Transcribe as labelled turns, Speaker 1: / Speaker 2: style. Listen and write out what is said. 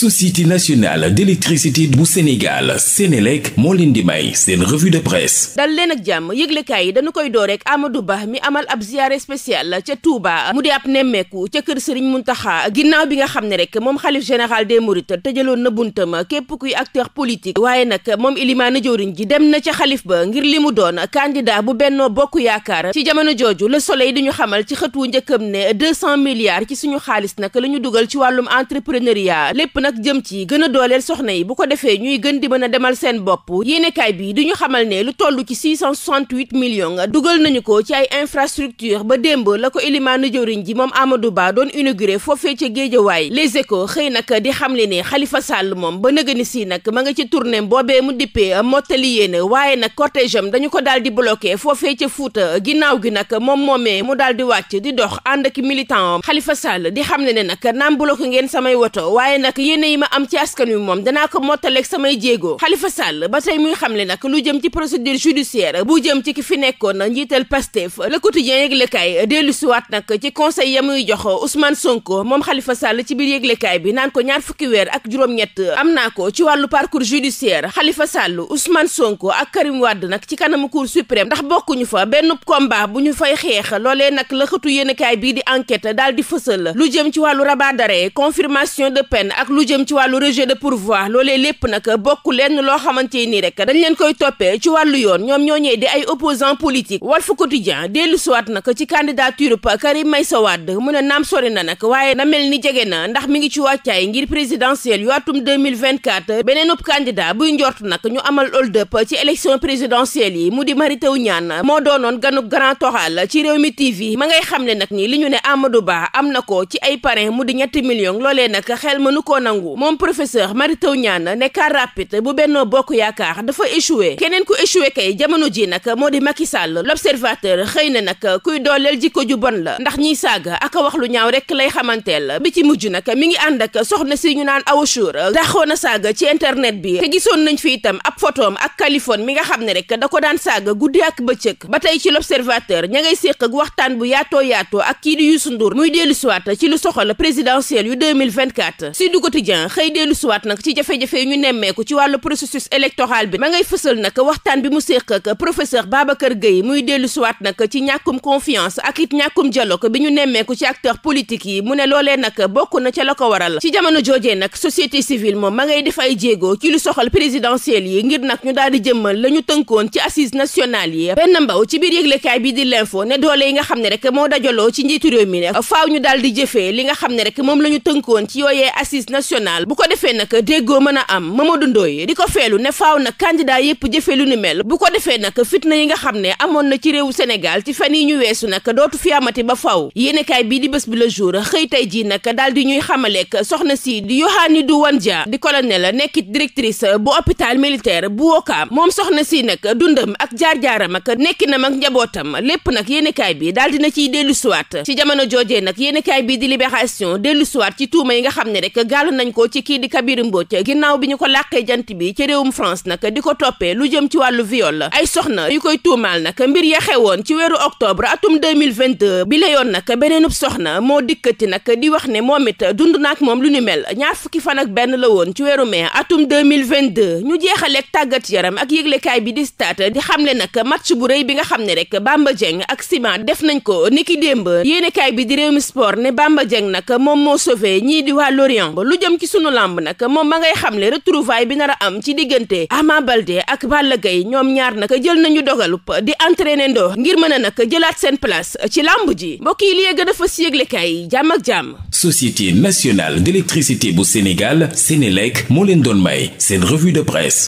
Speaker 1: société nationale d'électricité bu Sénégal Sénélec moo leen di may seen revue de presse dal leen ak jàmm yëglekaay yi dañu koy door rek amadu Ba mi amal ab ziyaare spécial ca Touba mu di ab nemmeeku ca kër Serigne Mountakha ginnaaw bi nga xam ne rek moom xalif général des Mourides tëjaloon na buntam képp kuy acteur politique waaye nag moom ilimaana jëwriñ ji dem na ca xalif ba ngir li mu doon candidat bu Benno Bokk Yaakaar ci jamono jooju Le Soleil di ñu xamal ci xët wu njëkkam ne 200 milliards ci suñu xaalis nag la ñu dugal ci wàllum entrepreneuriat nag jëm ci gën a dooleel soxna yi bu ko defee ñuy gën di mën a demal seen bopp yéenekaay bi di ñu xamal ne lu toll ci 668 millions dugal nañu ko ci ay infrastructure ba démb la ko ilimaanu jëwriñ ji moom Amadou Ba doon inauguré foofee ca Géejawaay Les Échos xëy nag di xamle ne Khalifa Sall moom ba nëgëni si nag ma nga ci tournée boobee mu dippee mottali yéen waaye nag cortège am dañu ko daal di bloqué foofee ca Fuuta ginnaaw gi nag moom moomee mu daal di wàcc di dox ànd ak militant am Khalifa di xamle ne nag naam bloqué ngeen samay woto yéene yi ma am ci askan wi moom danaa ko mottaleeg samay jéego Khalifa Sall ba tey muy xamle nag lu jëm ci procédure judiciaire bu jëm ci ki fi nekkoon njiital Pastef le quotidien yëglekaay dellu siwaat nag ci conseil ya muy jox Ousmane Sonko moom Khalifa Sall ci biir yëglekaay bi naan ko ñaar fukki weer ak juróom-ñett am naa ko ci wàllu parcours judiciaire Khalifa Sall Ousmane Sonko ak Karim wàdd nag ci kanamu cour suprême ndax bokkuñu fa benn combat bu ñu fay xeex loolee nag la xëtu yéenekaay bii di enquête daal di fësal lu jëm ci wàllu rabat confirmation de peine ak lu jëm ci wàllu rejet de pourvoi loolee lépp nag bokk lenn loo xamante nii rek dañ leen koy toppee ci wàllu yoon ñoom ñooñee di ay opposant politique Walf Quotidien dellu siwaat nag ci candidature pa may Meïssa Wade mu ne naam sori na nag waaye na mel ni jege na ndax mi ngi ci wàccaay ngir présidentielle yu atum 2024 beneen ub candidat buy njort nag ñu amal hold up ci élection présidentielle yi mu di Mary Teuw Niane moo doonoon ganub grand toral ci Rewmi TV ma ngay xam ne nag ni li ñu ne Amadou Ba am na ko ci ay parrain mu di ñetti millions loolee nag xel mënu koo nangu nangu moom professeur Mary Teuw Niane ne car rapide bu Benno Bokk Yaakaar dafa échoué keneen ku échoué kay jamono ji nag moo di Macky Sall l'observateur xëy na nag kuy dooleel jikko ju bon la ndax ñiy saaga ak wax lu ñaaw rek lay xamanteel bi ci mujj nag mi ngi ànd ak soxna si ñu naan Awa Chour daxoon a saaga ci internet bi te gisoon nañ fi itam ab photoom ak Kaliphone mi nga xam ne rek da ko daan saaga guddi ak bëccëg ba tey ci l'observateur ña ngay séq waxtaan bu yaatoo yaatoo ak kii di Youssou Ndour muy dellu siwaat ci lu soxal présidentiel yu 2024 si quotidien xëy deelu suwaat nag ci jafe-jafe yi ñu nemmeeku ci wàllu processus électoral bi ma ngay fësal nag waxtaan bi mu séq ak professeur Babacar Gueye muy deelu nag ci ñàkkum confiance ak it ñàkkum dialogue bi ñu nemmeeku ci acteur politique yi mu ne loolee nag bokk na ca la ko waral ci jamono joojee nag société civile moom ma ngay def ay ci lu soxal présidentielle yi ngir nag ñu daal jëmmal la ñu tënkoon ci assises nationales yi benn mbaw ci biir yëglekaay bi di l'info ne doole yi nga xam ne rek moo dajaloo ci njiitu nationale bu ko defee nag déggoo mën a am Mamadou Ndoye di ko feelu ne faaw nag candidat yépp jëfee lu ni mel bu ko defee nag fitna yi nga xam ne amoon na ci réewu Sénégal ci fan yi ñu weesu nag dootu fi amati ba faw yéenekaay bii di bés bi la jour xëy tey jii nag daal di ñuy xamaleek soxna si di Yohanidou Wandia di colonel nekkit directrice bu hôpital militaire bu Ouakam moom soxna si nag dundam ak jaar-jaaram ak nekkinam ak njabootam lépp nag yéenekaay bi daal dina ciy dellu siwaat ci jamono joojee nag yéenekaay bii di libération dellu siwaat ci tuuma yi nga xam ne rek gaalu nañ ko ci kii di Kabir Mbodj ginnaaw bi ñu ko làqee jant bi ci réewum France nag di ko toppee lu jëm ci wàllu viol ay soxna yu koy tuumaal nag mbir ya woon ci weeru octobre atum 2022 bi la yoon nag beneenub soxna moo dikkati nag di wax ne moom it dund na ak moom lu ñu mel ñaar fukki fan ak benn la woon ci weeru mai atum 2022 ñu jeexaleeg tàggat yaram ak yëglekaay bi di stade di xamle nag match bu rëy bi nga xam ne rek Bamba Dieng ak Sima def nañ ko niki démb yéenekaay bi di Rewmi ne Bamba Dieng nag moom moo sauvé ñii di waa jëm ci sunu làmb nag moom ba ngay xam le retrouvaille bi nar am ci diggante Ama Baldé ak Balla Gaye ñoom ñaar nag a jël nañu dogalup di entraîner ndoo ngir mën a nag jëlaat seen place ci làmb ji mbokk yi liy gën a fas yëglekaay yi jàmm ak jàmm. Société nationale d'électricité bu Sénégal Sénélec moo leen doon may seen revue de presse.